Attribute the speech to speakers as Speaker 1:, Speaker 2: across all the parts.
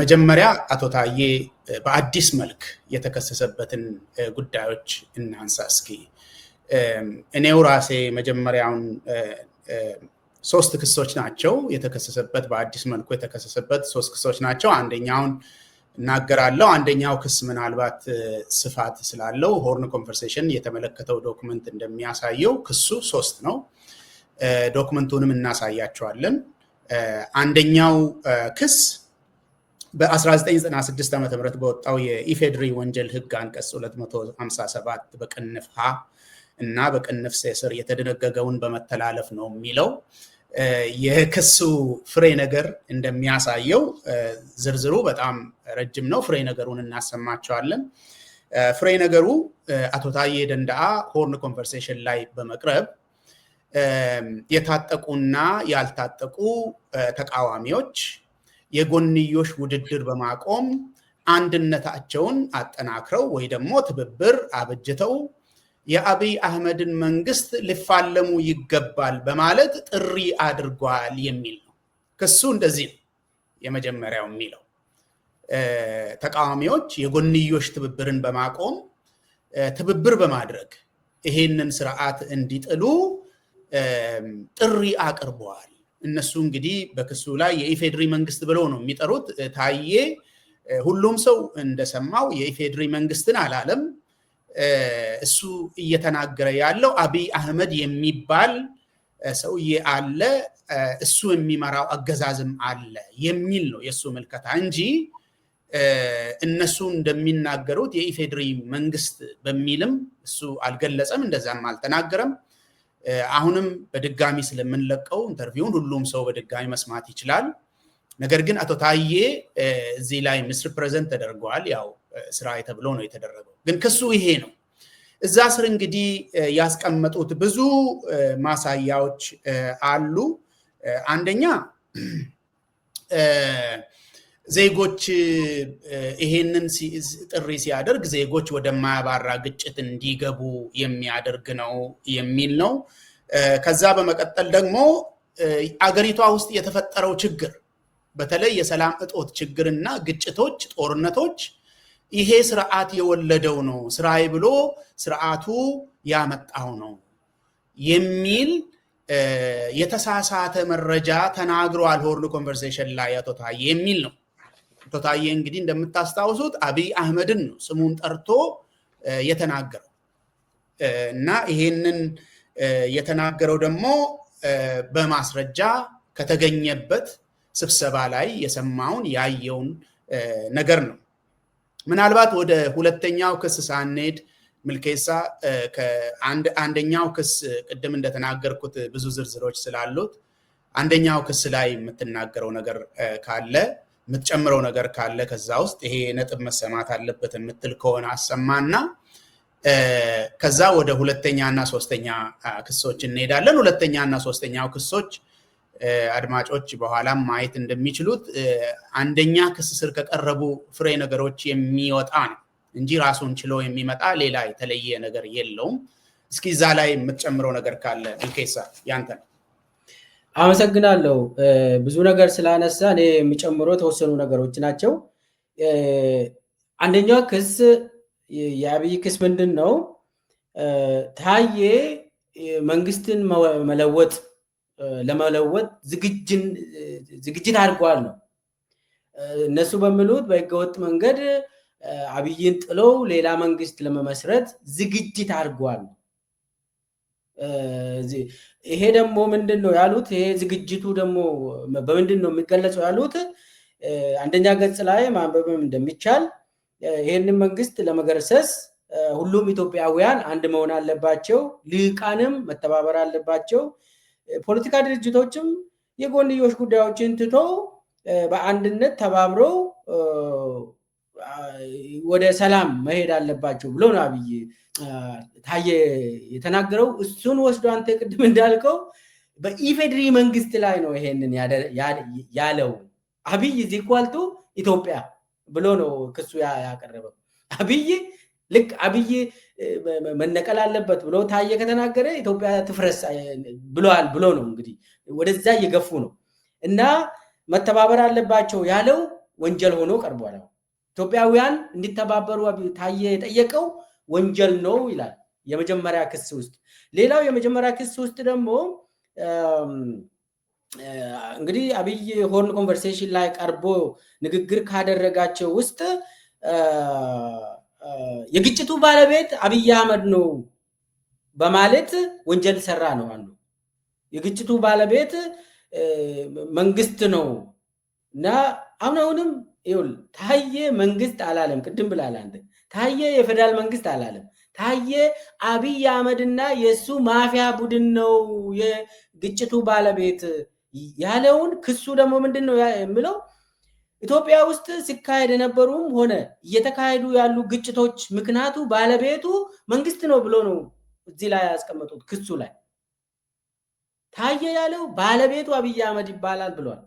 Speaker 1: መጀመሪያ አቶ ታዬ በአዲስ መልክ የተከሰሰበትን ጉዳዮች እናንሳ እስኪ። እኔው ራሴ መጀመሪያውን ሶስት ክሶች ናቸው የተከሰሰበት፣ በአዲስ መልኩ የተከሰሰበት ሶስት ክሶች ናቸው። አንደኛውን እናገራለሁ። አንደኛው ክስ ምናልባት ስፋት ስላለው ሆርን ኮንቨርሴሽን የተመለከተው ዶክመንት እንደሚያሳየው ክሱ ሶስት ነው። ዶክመንቱንም እናሳያቸዋለን። አንደኛው ክስ በ1996 ዓ ም በወጣው የኢፌድሪ ወንጀል ህግ አንቀጽ 257 በቅንፍ ሀ እና በቅንፍ ሴስር የተደነገገውን በመተላለፍ ነው የሚለው የክሱ ፍሬ ነገር እንደሚያሳየው ዝርዝሩ በጣም ረጅም ነው። ፍሬ ነገሩን እናሰማቸዋለን። ፍሬ ነገሩ አቶ ታዬ ደንዳአ ሆርን ኮንቨርሴሽን ላይ በመቅረብ የታጠቁና ያልታጠቁ ተቃዋሚዎች የጎንዮሽ ውድድር በማቆም አንድነታቸውን አጠናክረው ወይ ደግሞ ትብብር አበጅተው የአብይ አህመድን መንግስት ሊፋለሙ ይገባል በማለት ጥሪ አድርጓል የሚል ነው። ክሱ እንደዚህ ነው። የመጀመሪያው የሚለው ተቃዋሚዎች የጎንዮሽ ትብብርን በማቆም ትብብር በማድረግ ይሄንን ስርዓት እንዲጥሉ ጥሪ አቅርበዋል። እነሱ እንግዲህ በክሱ ላይ የኢፌድሪ መንግስት ብለው ነው የሚጠሩት። ታዬ ሁሉም ሰው እንደሰማው የኢፌድሪ መንግስትን አላለም። እሱ እየተናገረ ያለው አብይ አህመድ የሚባል ሰውዬ አለ፣ እሱ የሚመራው አገዛዝም አለ የሚል ነው የእሱ ምልከታ እንጂ እነሱ እንደሚናገሩት የኢፌድሪ መንግስት በሚልም እሱ አልገለጸም፣ እንደዛም አልተናገረም። አሁንም በድጋሚ ስለምንለቀው ኢንተርቪውን ሁሉም ሰው በድጋሚ መስማት ይችላል። ነገር ግን አቶ ታዬ እዚህ ላይ ምስር ፕሬዘንት ተደርገዋል። ያው ስራ ተብሎ ነው የተደረገው። ግን ክሱ ይሄ ነው። እዛ ስር እንግዲህ ያስቀመጡት ብዙ ማሳያዎች አሉ። አንደኛ ዜጎች ይሄንን ጥሪ ሲያደርግ ዜጎች ወደማያባራ ግጭት እንዲገቡ የሚያደርግ ነው የሚል ነው። ከዛ በመቀጠል ደግሞ አገሪቷ ውስጥ የተፈጠረው ችግር በተለይ የሰላም እጦት ችግርና ግጭቶች፣ ጦርነቶች ይሄ ስርዓት የወለደው ነው፣ ስራይ ብሎ ስርዓቱ ያመጣው ነው የሚል የተሳሳተ መረጃ ተናግረዋል። ሆርን ኮንቨርሴሽን ላይ አቶ ታዬ የሚል ነው። አቶ ታዬ እንግዲህ እንደምታስታውሱት አብይ አህመድን ነው ስሙን ጠርቶ የተናገረው እና ይሄንን የተናገረው ደግሞ በማስረጃ ከተገኘበት ስብሰባ ላይ የሰማውን ያየውን ነገር ነው። ምናልባት ወደ ሁለተኛው ክስ ሳንሄድ ምልኬሳ አንደኛው ክስ ቅድም እንደተናገርኩት ብዙ ዝርዝሮች ስላሉት አንደኛው ክስ ላይ የምትናገረው ነገር ካለ የምትጨምረው ነገር ካለ ከዛ ውስጥ ይሄ ነጥብ መሰማት አለበት የምትል ከሆነ አሰማና ከዛ ወደ ሁለተኛ እና ሶስተኛ ክሶች እንሄዳለን። ሁለተኛ እና ሶስተኛው ክሶች አድማጮች በኋላም ማየት እንደሚችሉት አንደኛ ክስ ስር ከቀረቡ ፍሬ ነገሮች የሚወጣ ነው እንጂ ራሱን ችሎ የሚመጣ ሌላ የተለየ ነገር የለውም። እስኪ እዛ ላይ የምትጨምረው ነገር ካለ ልኬሳ ያንተ ነው።
Speaker 2: አመሰግናለሁ። ብዙ ነገር ስላነሳ እኔ የሚጨምረው የተወሰኑ ነገሮች ናቸው። አንደኛው ክስ የአብይ ክስ ምንድን ነው? ታዬ መንግስትን መለወጥ ለመለወጥ ዝግጅት አድርጓል ነው እነሱ በሚሉት በህገወጥ መንገድ አብይን ጥለው ሌላ መንግስት ለመመስረት ዝግጅት አድርጓል። ይሄ ደግሞ ምንድን ነው ያሉት? ይሄ ዝግጅቱ ደግሞ በምንድን ነው የሚገለጸው ያሉት? አንደኛ ገጽ ላይ ማንበብም እንደሚቻል ይህንን መንግስት ለመገርሰስ ሁሉም ኢትዮጵያውያን አንድ መሆን አለባቸው። ልሂቃንም መተባበር አለባቸው። ፖለቲካ ድርጅቶችም የጎንዮሽ ጉዳዮችን ትቶ በአንድነት ተባብረው ወደ ሰላም መሄድ አለባቸው ብሎ ነው አብይ ታየ የተናገረው። እሱን ወስዶ አንተ ቅድም እንዳልከው በኢፌድሪ መንግስት ላይ ነው ይሄንን ያለው አብይ ዚኳልቱ ኢትዮጵያ ብሎ ነው ክሱ ያቀረበው። አብይ ልክ አብይ መነቀል አለበት ብሎ ታየ ከተናገረ ኢትዮጵያ ትፍረስ ብለዋል ብሎ ነው እንግዲህ ወደዛ እየገፉ ነው እና መተባበር አለባቸው ያለው ወንጀል ሆኖ ቀርቧል። ኢትዮጵያውያን እንዲተባበሩ ታየ የጠየቀው ወንጀል ነው ይላል የመጀመሪያ ክስ ውስጥ። ሌላው የመጀመሪያ ክስ ውስጥ ደግሞ እንግዲህ አብይ ሆርን ኮንቨርሴሽን ላይ ቀርቦ ንግግር ካደረጋቸው ውስጥ የግጭቱ ባለቤት አብይ አህመድ ነው በማለት ወንጀል ሰራ ነው አንዱ። የግጭቱ ባለቤት መንግስት ነው እና አሁን አሁንም ታየ ታዬ መንግስት አላለም። ቅድም ብላለ አንተ ታዬ የፌደራል መንግስት አላለም። ታዬ አብይ አህመድና የእሱ ማፊያ ቡድን ነው የግጭቱ ባለቤት ያለውን ክሱ ደግሞ ምንድን ነው የምለው ኢትዮጵያ ውስጥ ሲካሄድ የነበሩም ሆነ እየተካሄዱ ያሉ ግጭቶች ምክንያቱ ባለቤቱ መንግስት ነው ብሎ ነው እዚህ ላይ ያስቀመጡት። ክሱ ላይ ታየ ያለው ባለቤቱ አብይ አህመድ ይባላል ብሏል።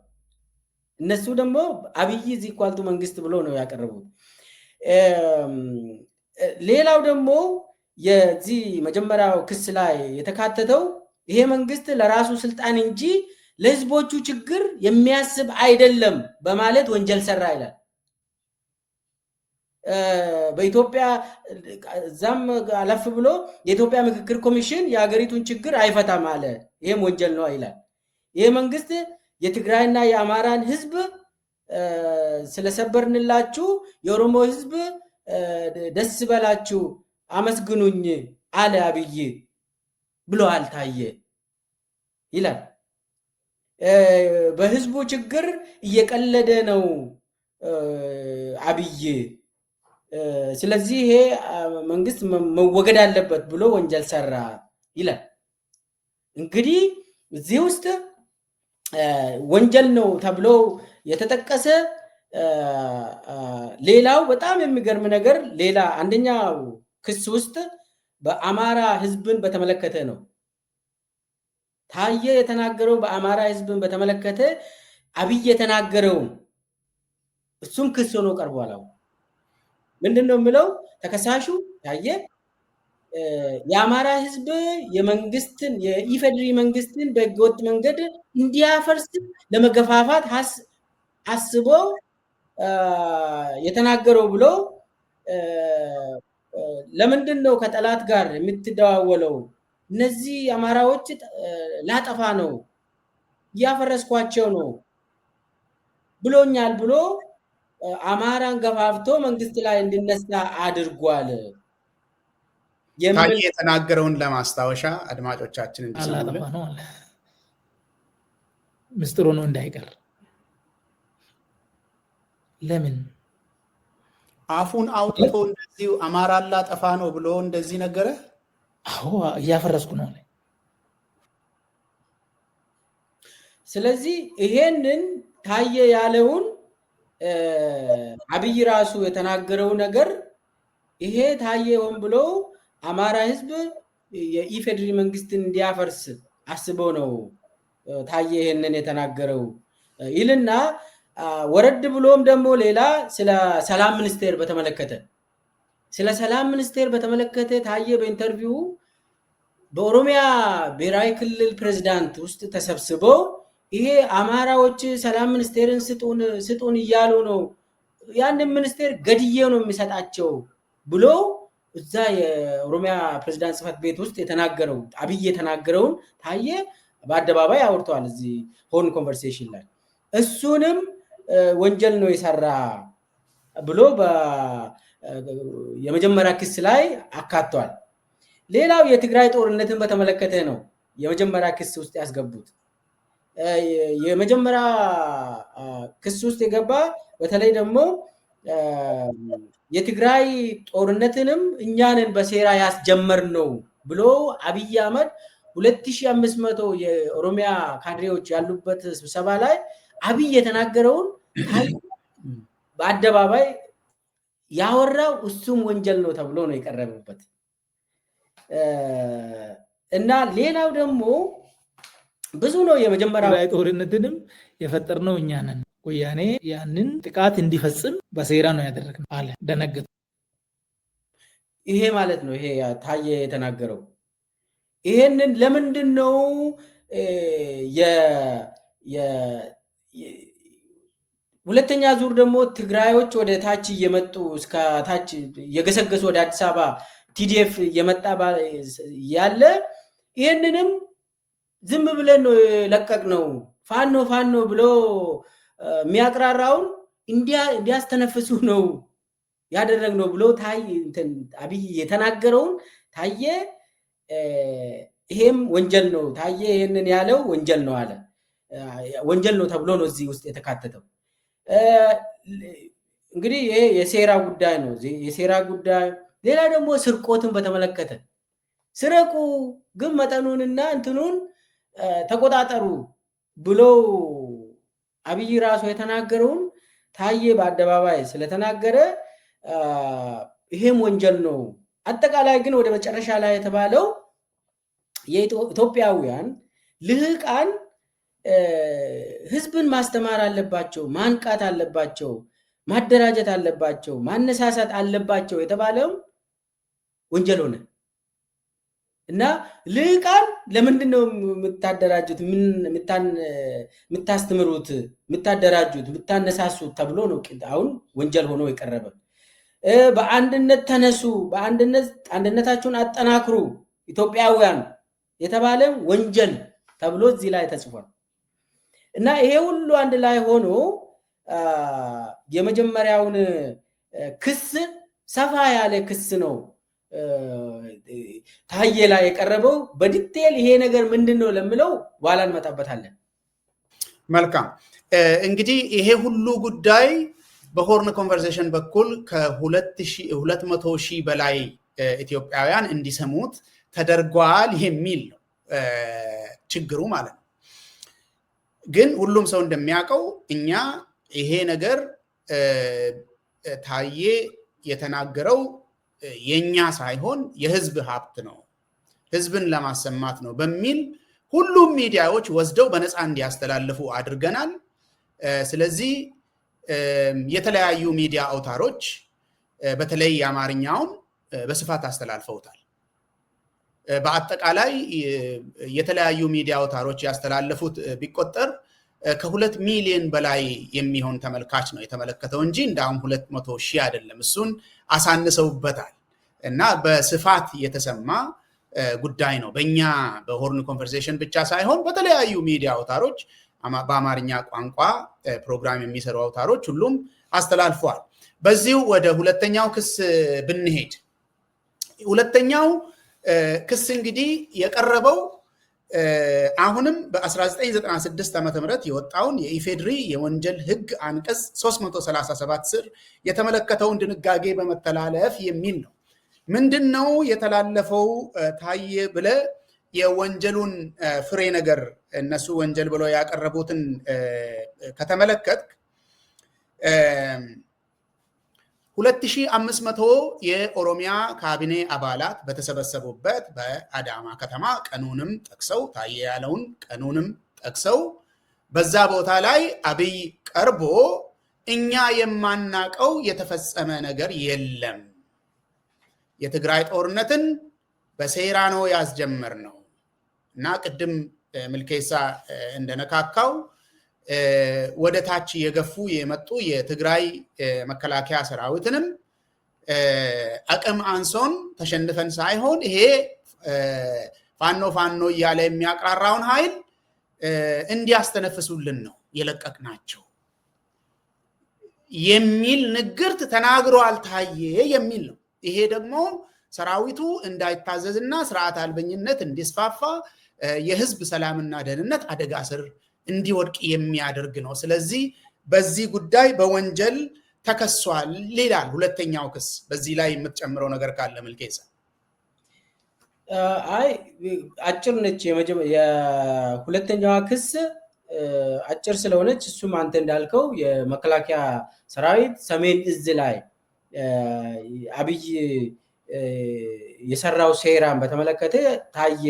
Speaker 2: እነሱ ደግሞ አብይ እዚህ ኳልቱ መንግስት ብሎ ነው ያቀረቡት። ሌላው ደግሞ የዚህ መጀመሪያው ክስ ላይ የተካተተው ይሄ መንግስት ለራሱ ስልጣን እንጂ ለህዝቦቹ ችግር የሚያስብ አይደለም በማለት ወንጀል ሰራ ይላል። በኢትዮጵያ እዛም አለፍ ብሎ የኢትዮጵያ ምክክር ኮሚሽን የሀገሪቱን ችግር አይፈታም አለ። ይህም ወንጀል ነው ይላል። ይህ መንግስት የትግራይና የአማራን ህዝብ ስለሰበርንላችሁ የኦሮሞ ህዝብ ደስ በላችሁ አመስግኑኝ አለ አብይ ብሎ አልታየ ይላል። በህዝቡ ችግር እየቀለደ ነው አብይ፣ ስለዚህ ይሄ መንግስት መወገድ አለበት ብሎ ወንጀል ሰራ ይላል። እንግዲህ እዚህ ውስጥ ወንጀል ነው ተብሎ የተጠቀሰ ሌላው በጣም የሚገርም ነገር ሌላ አንደኛው ክስ ውስጥ በአማራ ህዝብን በተመለከተ ነው። ታየ የተናገረው በአማራ ህዝብን በተመለከተ አብይ የተናገረው እሱም ክስ ሆኖ ቀርቧል። አሁን ምንድን ነው የምለው ተከሳሹ ታየ የአማራ ህዝብ የመንግስትን የኢፌድሪ መንግስትን በህገወጥ መንገድ እንዲያፈርስ ለመገፋፋት አስቦ የተናገረው ብሎ ለምንድን ነው ከጠላት ጋር የምትደዋወለው እነዚህ አማራዎች ላጠፋ ነው እያፈረስኳቸው ነው ብሎኛል ብሎ አማራን ገፋፍቶ መንግስት ላይ እንዲነሳ አድርጓል።
Speaker 1: ታዬ የተናገረውን ለማስታወሻ አድማጮቻችን
Speaker 2: ምስጢሩ ነው እንዳይቀር ለምን
Speaker 1: አፉን አውጥቶ እንደዚሁ አማራ ላጠፋ ነው ብሎ እንደዚህ ነገረ
Speaker 2: አዎ እያፈረስኩ ነው። ስለዚህ ይሄንን ታየ ያለውን አብይ ራሱ የተናገረው ነገር ይሄ ታየ ሆን ብሎ አማራ ህዝብ የኢፌድሪ መንግስትን እንዲያፈርስ አስበው ነው ታየ ይሄንን የተናገረው ይልና ወረድ ብሎም ደግሞ ሌላ ስለ ሰላም ሚኒስቴር በተመለከተ ስለ ሰላም ሚኒስቴር በተመለከተ ታየ በኢንተርቪው በኦሮሚያ ብሔራዊ ክልል ፕሬዚዳንት ውስጥ ተሰብስበው ይሄ አማራዎች ሰላም ሚኒስቴርን ስጡን እያሉ ነው፣ ያንን ሚኒስቴር ገድዬ ነው የሚሰጣቸው ብሎ እዛ የኦሮሚያ ፕሬዚዳንት ጽሕፈት ቤት ውስጥ የተናገረው አብይ የተናገረውን ታየ በአደባባይ አውርተዋል። እዚህ ሆን ኮንቨርሴሽን ላይ እሱንም ወንጀል ነው የሰራ ብሎ የመጀመሪያ ክስ ላይ አካቷል። ሌላው የትግራይ ጦርነትን በተመለከተ ነው የመጀመሪያ ክስ ውስጥ ያስገቡት። የመጀመሪያ ክስ ውስጥ የገባ በተለይ ደግሞ የትግራይ ጦርነትንም እኛንን በሴራ ያስጀመር ነው ብሎ አብይ አህመድ 2500 የኦሮሚያ ካድሬዎች ያሉበት ስብሰባ ላይ አብይ የተናገረውን በአደባባይ ያወራው እሱም ወንጀል ነው ተብሎ ነው የቀረበበት። እና ሌላው ደግሞ ብዙ ነው። የመጀመሪያ
Speaker 1: ላይ ጦርነትንም የፈጠርነው እኛ ነን። ወያኔ ያንን ጥቃት እንዲፈጽም በሴራ ነው ያደረግነው አለ። ደነገጡ።
Speaker 2: ይሄ ማለት ነው። ይሄ ታየ የተናገረው ይሄንን ለምንድን ነው ሁለተኛ ዙር ደግሞ ትግራዮች ወደ ታች እየመጡ እስከ ታች እየገሰገሱ ወደ አዲስ አበባ ቲዲኤፍ እየመጣ ያለ ይህንንም ዝም ብለን ነው ለቀቅ ነው ፋኖ ፋኖ ብሎ የሚያቅራራውን እንዲያስተነፍሱ ነው ያደረግነው ብሎ አብይ የተናገረውን ታየ ይሄም ወንጀል ነው ታየ ይህንን ያለው ወንጀል ነው አለ ወንጀል ነው ተብሎ ነው እዚህ ውስጥ የተካተተው። እንግዲህ ይሄ የሴራ ጉዳይ ነው የሴራ ጉዳይ ሌላ ደግሞ ስርቆትን በተመለከተ ስረቁ፣ ግን መጠኑንና እንትኑን ተቆጣጠሩ ብሎ አብይ ራሱ የተናገረውን ታዬ በአደባባይ ስለተናገረ ይሄም ወንጀል ነው። አጠቃላይ ግን ወደ መጨረሻ ላይ የተባለው የኢትዮጵያውያን ልህቃን ህዝብን ማስተማር አለባቸው፣ ማንቃት አለባቸው፣ ማደራጀት አለባቸው፣ ማነሳሳት አለባቸው የተባለው ወንጀል ሆነ እና ልቃን ለምንድን ነው የምታደራጁት? የምታስተምሩት፣ የምታደራጁት፣ የምታነሳሱት ተብሎ ነው አሁን ወንጀል ሆኖ የቀረበ። በአንድነት ተነሱ፣ በአንድነት አንድነታችሁን አጠናክሩ ኢትዮጵያውያን የተባለ ወንጀል ተብሎ እዚህ ላይ ተጽፏል። እና ይሄ ሁሉ አንድ ላይ ሆኖ የመጀመሪያውን ክስ ሰፋ ያለ ክስ ነው ታዬ ላይ የቀረበው በዲቴል ይሄ ነገር ምንድን ነው ለምለው በኋላ እንመጣበታለን።
Speaker 1: መልካም እንግዲህ ይሄ ሁሉ ጉዳይ በሆርን ኮንቨርሴሽን በኩል ከ200 ሺህ በላይ ኢትዮጵያውያን እንዲሰሙት ተደርጓል የሚል ነው ችግሩ ማለት ነው። ግን ሁሉም ሰው እንደሚያውቀው እኛ ይሄ ነገር ታዬ የተናገረው የኛ ሳይሆን የህዝብ ሀብት ነው፣ ህዝብን ለማሰማት ነው በሚል ሁሉም ሚዲያዎች ወስደው በነፃ እንዲያስተላልፉ አድርገናል። ስለዚህ የተለያዩ ሚዲያ አውታሮች በተለይ የአማርኛውን በስፋት አስተላልፈውታል። በአጠቃላይ የተለያዩ ሚዲያ አውታሮች ያስተላለፉት ቢቆጠር ከሁለት ሚሊዮን በላይ የሚሆን ተመልካች ነው የተመለከተው እንጂ እንዳሁን ሁለት መቶ ሺህ አይደለም። እሱን አሳንሰውበታል እና በስፋት የተሰማ ጉዳይ ነው። በእኛ በሆርን ኮንቨርሴሽን ብቻ ሳይሆን በተለያዩ ሚዲያ አውታሮች በአማርኛ ቋንቋ ፕሮግራም የሚሰሩ አውታሮች ሁሉም አስተላልፈዋል። በዚሁ ወደ ሁለተኛው ክስ ብንሄድ ሁለተኛው ክስ እንግዲህ የቀረበው አሁንም በ1996 ዓ ም የወጣውን የኢፌድሪ የወንጀል ህግ አንቀጽ 337 ስር የተመለከተውን ድንጋጌ በመተላለፍ የሚል ነው። ምንድን ነው የተላለፈው? ታየ ብለ የወንጀሉን ፍሬ ነገር እነሱ ወንጀል ብለው ያቀረቡትን ከተመለከትክ 2500 የኦሮሚያ ካቢኔ አባላት በተሰበሰቡበት በአዳማ ከተማ ቀኑንም ጠቅሰው ታየ ያለውን ቀኑንም ጠቅሰው በዛ ቦታ ላይ አብይ ቀርቦ እኛ የማናቀው የተፈጸመ ነገር የለም፣ የትግራይ ጦርነትን በሴራ ነው ያስጀመር ነው እና ቅድም ምልኬሳ እንደነካካው ወደ ታች እየገፉ የመጡ የትግራይ መከላከያ ሰራዊትንም አቅም አንሶን ተሸንፈን ሳይሆን ይሄ ፋኖ ፋኖ እያለ የሚያቅራራውን ኃይል እንዲያስተነፍሱልን ነው የለቀቅናቸው የሚል ንግርት ተናግሮ አልታየ የሚል ነው። ይሄ ደግሞ ሰራዊቱ እንዳይታዘዝና ስርዓት አልበኝነት እንዲስፋፋ የህዝብ ሰላምና ደህንነት አደጋ ስር እንዲወድቅ የሚያደርግ ነው። ስለዚህ በዚህ ጉዳይ በወንጀል ተከሷል ሌላል ሁለተኛው ክስ። በዚህ ላይ የምትጨምረው ነገር ካለ መልኬሳ?
Speaker 2: አይ አጭር ነች። የሁለተኛዋ ክስ አጭር ስለሆነች እሱም አንተ እንዳልከው የመከላከያ ሰራዊት ሰሜን እዝ ላይ አብይ የሰራው ሴራን በተመለከተ ታየ።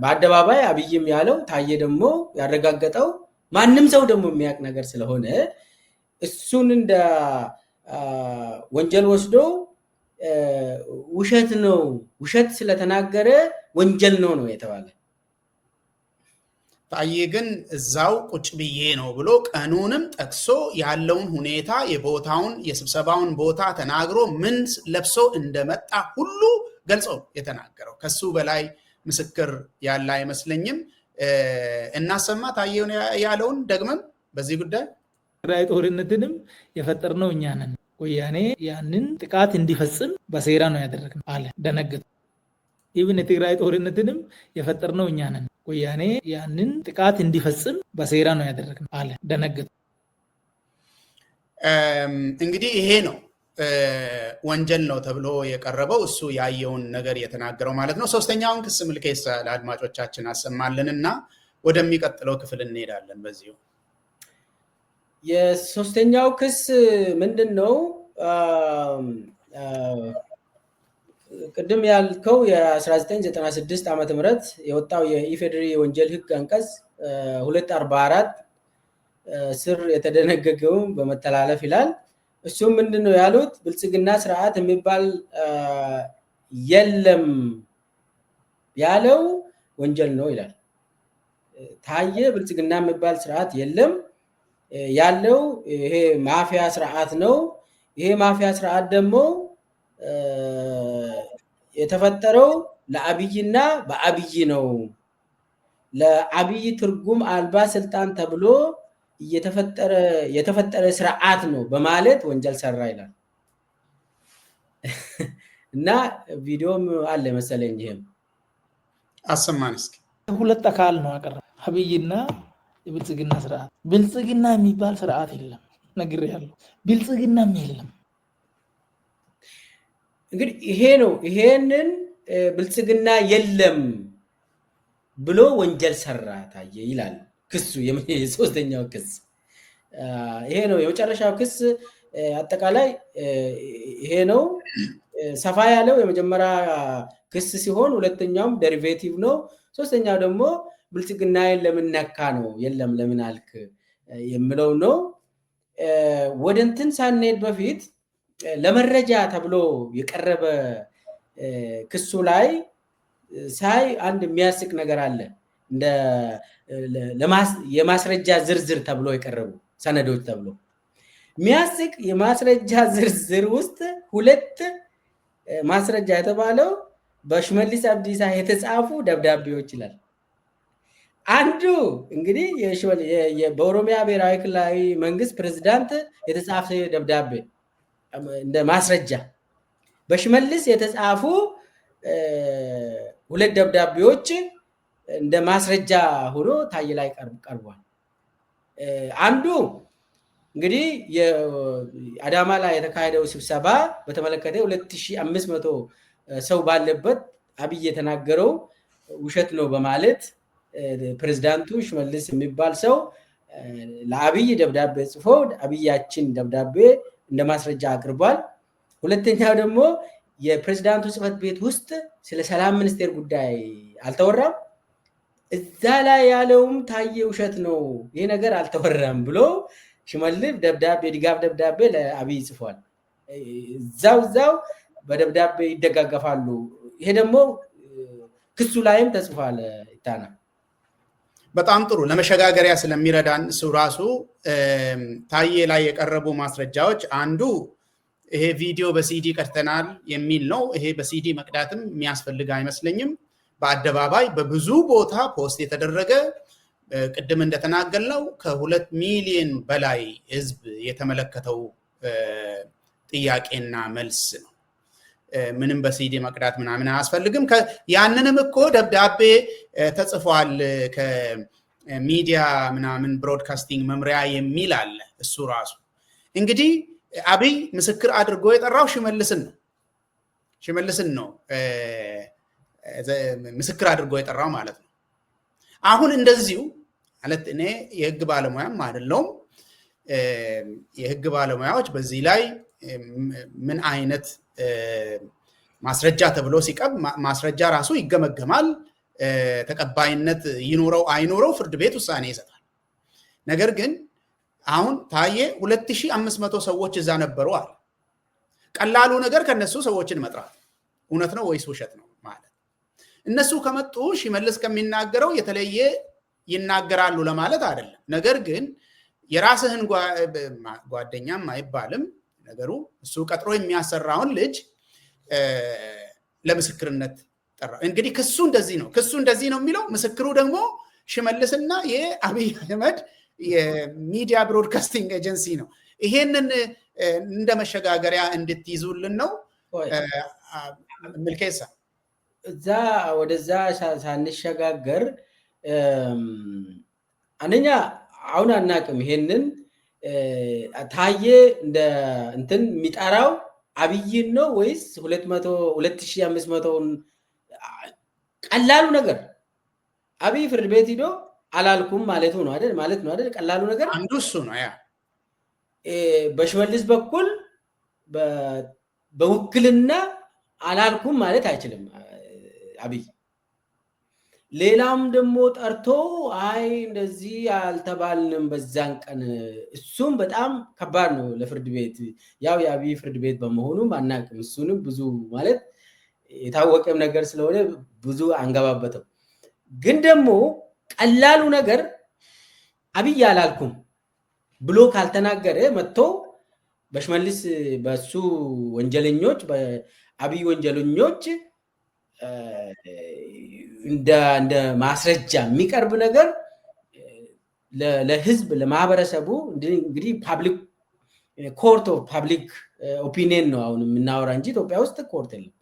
Speaker 2: በአደባባይ አብይም ያለው ታዬ ደግሞ ያረጋገጠው ማንም ሰው ደግሞ የሚያውቅ ነገር ስለሆነ እሱን እንደ ወንጀል ወስዶ ውሸት ነው ውሸት ስለተናገረ ወንጀል ነው ነው የተባለ።
Speaker 1: ታዬ ግን እዛው ቁጭ ብዬ ነው ብሎ ቀኑንም ጠቅሶ ያለውን ሁኔታ የቦታውን የስብሰባውን ቦታ ተናግሮ ምን ለብሶ እንደመጣ ሁሉ ገልጾ የተናገረው ከሱ በላይ ምስክር ያለ አይመስለኝም እናሰማ ታየውን ያለውን ደግመም በዚህ ጉዳይ
Speaker 2: ትግራይ ጦርነትንም የፈጠርነው እኛ ነን፣ ወያኔ ያንን ጥቃት እንዲፈጽም በሴራ ነው ያደረግነው አለ። ደነገጡ። ኢብን የትግራይ ጦርነትንም የፈጠርነው እኛ ነን፣ ወያኔ ያንን ጥቃት እንዲፈጽም በሴራ ነው ያደረግነው አለ። ደነገጡ።
Speaker 1: እንግዲህ ይሄ ነው ወንጀል ነው ተብሎ የቀረበው እሱ ያየውን ነገር የተናገረው ማለት ነው። ሶስተኛውን ክስ ምልክ ለአድማጮቻችን አሰማልን እና ወደሚቀጥለው ክፍል እንሄዳለን። በዚሁ
Speaker 2: የሶስተኛው ክስ ምንድን ነው? ቅድም ያልከው የ1996 ዓመተ ምህረት የወጣው የኢፌዴሪ የወንጀል ህግ አንቀጽ 244 ስር የተደነገገውን በመተላለፍ ይላል እሱም ምንድን ነው ያሉት? ብልጽግና ስርዓት የሚባል የለም ያለው ወንጀል ነው ይላል ታየ። ብልጽግና የሚባል ስርዓት የለም ያለው ይሄ ማፊያ ስርዓት ነው። ይሄ ማፊያ ስርዓት ደግሞ የተፈጠረው ለአብይና በአብይ ነው። ለአብይ ትርጉም አልባ ስልጣን ተብሎ እየተፈጠረ የተፈጠረ ስርዓት ነው በማለት ወንጀል ሰራ ይላል እና ቪዲዮም አለ መሰለኝ። ይህም
Speaker 1: አሰማን እስኪ።
Speaker 2: ሁለት አካል ነው አቀረ አብይና የብልጽግና ስርዓት። ብልጽግና የሚባል ስርዓት የለም፣ ያለ ብልጽግናም የለም። እንግዲህ ይሄ ነው ይሄንን ብልጽግና የለም ብሎ ወንጀል ሰራ ታየ ይላል። ክሱ የሶስተኛው ክስ ይሄ ነው። የመጨረሻው ክስ አጠቃላይ ይሄ ነው። ሰፋ ያለው የመጀመሪያ ክስ ሲሆን ሁለተኛውም ደሪቬቲቭ ነው። ሶስተኛው ደግሞ ብልጽግናዬን ለምን ነካ ነው የለም ለምን አልክ የምለው ነው። ወደ እንትን ሳንሄድ በፊት ለመረጃ ተብሎ የቀረበ ክሱ ላይ ሳይ አንድ የሚያስቅ ነገር አለ። የማስረጃ ዝርዝር ተብሎ የቀረቡ ሰነዶች ተብሎ የሚያስቅ የማስረጃ ዝርዝር ውስጥ ሁለት ማስረጃ የተባለው በሽመልስ አብዲሳ የተጻፉ ደብዳቤዎች ይላል። አንዱ እንግዲህ በኦሮሚያ ብሔራዊ ክልላዊ መንግስት ፕሬዚዳንት የተጻፈ ደብዳቤ እንደ ማስረጃ በሽመልስ የተጻፉ ሁለት ደብዳቤዎች እንደ ማስረጃ ሆኖ ታይ ላይ ቀርቧል። አንዱ እንግዲህ አዳማ ላይ የተካሄደው ስብሰባ በተመለከተ 2500 ሰው ባለበት አብይ የተናገረው ውሸት ነው በማለት ፕሬዝዳንቱ ሽመልስ የሚባል ሰው ለአብይ ደብዳቤ ጽፎ አብያችን ደብዳቤ እንደ ማስረጃ አቅርቧል። ሁለተኛው ደግሞ የፕሬዝዳንቱ ጽህፈት ቤት ውስጥ ስለ ሰላም ሚኒስቴር ጉዳይ አልተወራም። እዛ ላይ ያለውም ታዬ ውሸት ነው፣ ይሄ ነገር አልተወራም ብሎ ሽመልስ ደብዳቤ ድጋፍ ደብዳቤ ለአብይ ጽፏል። እዛው እዛው በደብዳቤ ይደጋገፋሉ። ይሄ ደግሞ ክሱ ላይም ተጽፏል። ይታና
Speaker 1: በጣም ጥሩ ለመሸጋገሪያ ስለሚረዳን እሱ ራሱ ታዬ ላይ የቀረቡ ማስረጃዎች አንዱ ይሄ ቪዲዮ በሲዲ ቀድተናል የሚል ነው። ይሄ በሲዲ መቅዳትም የሚያስፈልግ አይመስለኝም። በአደባባይ በብዙ ቦታ ፖስት የተደረገ ቅድም እንደተናገርነው ከሁለት ሚሊዮን በላይ ህዝብ የተመለከተው ጥያቄና መልስ ነው። ምንም በሲዲ መቅዳት ምናምን አያስፈልግም። ያንንም እኮ ደብዳቤ ተጽፏል ከሚዲያ ምናምን ብሮድካስቲንግ መምሪያ የሚል አለ። እሱ ራሱ እንግዲህ አብይ ምስክር አድርጎ የጠራው ሽመልስን ነው ሽመልስን ነው ምስክር አድርጎ የጠራው ማለት ነው። አሁን እንደዚሁ ማለት እኔ የህግ ባለሙያም አይደለውም። የህግ ባለሙያዎች በዚህ ላይ ምን አይነት ማስረጃ ተብሎ ሲቀብ ማስረጃ ራሱ ይገመገማል። ተቀባይነት ይኖረው አይኖረው ፍርድ ቤት ውሳኔ ይሰጣል። ነገር ግን አሁን ታዬ 2500 ሰዎች እዛ ነበሩ አለ። ቀላሉ ነገር ከነሱ ሰዎችን መጥራት እውነት ነው ወይስ ውሸት ነው? እነሱ ከመጡ ሽመልስ ከሚናገረው የተለየ ይናገራሉ ለማለት አይደለም። ነገር ግን የራስህን ጓደኛም አይባልም ነገሩ። እሱ ቀጥሮ የሚያሰራውን ልጅ ለምስክርነት ጠራ። እንግዲህ ክሱ እንደዚህ ነው፣ ክሱ እንደዚህ ነው የሚለው ምስክሩ ደግሞ ሽመልስና የአብይ አህመድ የሚዲያ ብሮድካስቲንግ ኤጀንሲ ነው። ይሄንን እንደ መሸጋገሪያ እንድትይዙልን ነው ምልኬሳ
Speaker 2: እዛ ወደዛ ሳንሸጋገር አንደኛ አሁን አናቅም ይሄንን ታየ እንደ እንትን የሚጠራው አብይን ነው ወይስ ሁለት ሺህ አምስት መቶውን ቀላሉ ነገር አብይ ፍርድ ቤት ሂዶ አላልኩም ማለቱ ነው አይደል? ማለት ነው አይደል? ቀላሉ ነገር
Speaker 1: አንዱ እሱ ነው። ያ
Speaker 2: በሽመልስ በኩል በውክልና አላልኩም ማለት አይችልም። አብይ ሌላም ደግሞ ጠርቶ አይ እንደዚህ አልተባልንም በዛን ቀን። እሱም በጣም ከባድ ነው ለፍርድ ቤት ያው የአብይ ፍርድ ቤት በመሆኑ አናቅም። እሱንም ብዙ ማለት የታወቀም ነገር ስለሆነ ብዙ አንገባበትም። ግን ደግሞ ቀላሉ ነገር አብይ አላልኩም ብሎ ካልተናገረ መጥቶ በሽመልስ በሱ ወንጀለኞች በአብይ ወንጀለኞች እንደ ማስረጃ የሚቀርብ ነገር ለህዝብ ለማህበረሰቡ እንግዲህ ፓብሊክ ኮርት ኦፍ ፓብሊክ ኦፒኒየን ነው አሁን የምናወራ እንጂ ኢትዮጵያ ውስጥ ኮርት የለም፣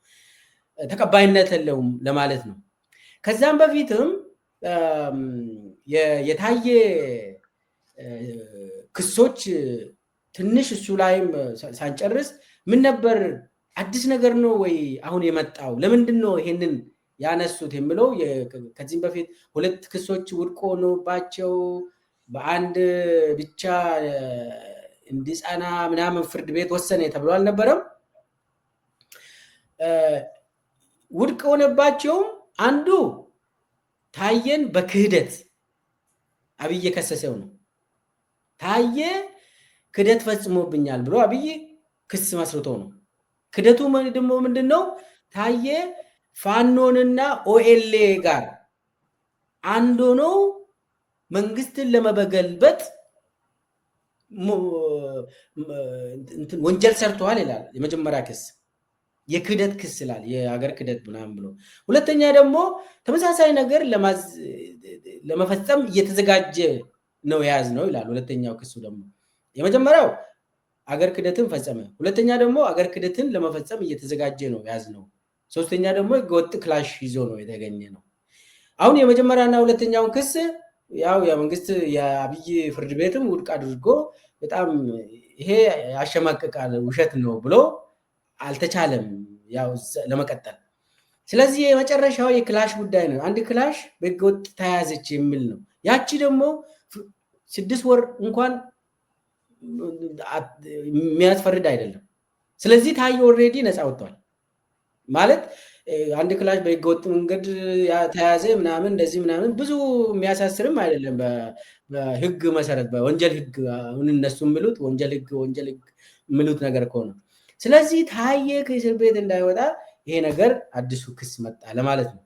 Speaker 2: ተቀባይነት የለውም ለማለት ነው። ከዛም በፊትም የታየ ክሶች ትንሽ እሱ ላይም ሳንጨርስ ምን ነበር አዲስ ነገር ነው ወይ አሁን የመጣው? ለምንድን ነው ይሄንን ያነሱት የምለው ከዚህም በፊት ሁለት ክሶች ውድቅ ሆኖባቸው በአንድ ብቻ እንዲጸና ምናምን ፍርድ ቤት ወሰነ ተብሎ አልነበረም? ውድቅ ሆነባቸውም። አንዱ ታየን በክህደት አብይ ከሰሰው ነው። ታየ ክህደት ፈጽሞብኛል ብሎ አብይ ክስ መስርቶ ነው ክደቱ ደግሞ ምንድን ነው? ታየ ፋኖንና ኦኤልኤ ጋር አንድ ሆኖ መንግስትን ለመበገልበጥ ወንጀል ሰርተዋል ይላል የመጀመሪያ ክስ። የክህደት ክስ ይላል የሀገር ክህደት ምናምን ብሎ፣ ሁለተኛ ደግሞ ተመሳሳይ ነገር ለመፈጸም እየተዘጋጀ ነው የያዝ ነው ይላል። ሁለተኛው ክሱ ደግሞ የመጀመሪያው አገር ክደትን ፈጸመ። ሁለተኛ ደግሞ አገር ክደትን ለመፈጸም እየተዘጋጀ ነው ያዝ ነው። ሶስተኛ ደግሞ ህገወጥ ክላሽ ይዞ ነው የተገኘ ነው። አሁን የመጀመሪያና ሁለተኛውን ክስ ያው የመንግስት የአብይ ፍርድ ቤትም ውድቅ አድርጎ በጣም ይሄ ያሸማቅቃል፣ ውሸት ነው ብሎ አልተቻለም ያው ለመቀጠል። ስለዚህ የመጨረሻው የክላሽ ጉዳይ ነው። አንድ ክላሽ በህገወጥ ተያያዘች የሚል ነው። ያቺ ደግሞ ስድስት ወር እንኳን የሚያስፈርድ አይደለም። ስለዚህ ታየ ኦልሬዲ ነፃ ወጥቷል ማለት አንድ ክላሽ በህገወጥ መንገድ ተያዘ ምናምን እንደዚህ ምናምን ብዙ የሚያሳስርም አይደለም። በህግ መሰረት በወንጀል ህግ እነሱ ምሉት ወንጀል ህግ ወንጀል ህግ ምሉት ነገር ከሆነ ስለዚህ ታየ ከእስር ቤት እንዳይወጣ ይሄ ነገር አዲሱ ክስ መጣ ለማለት ነው።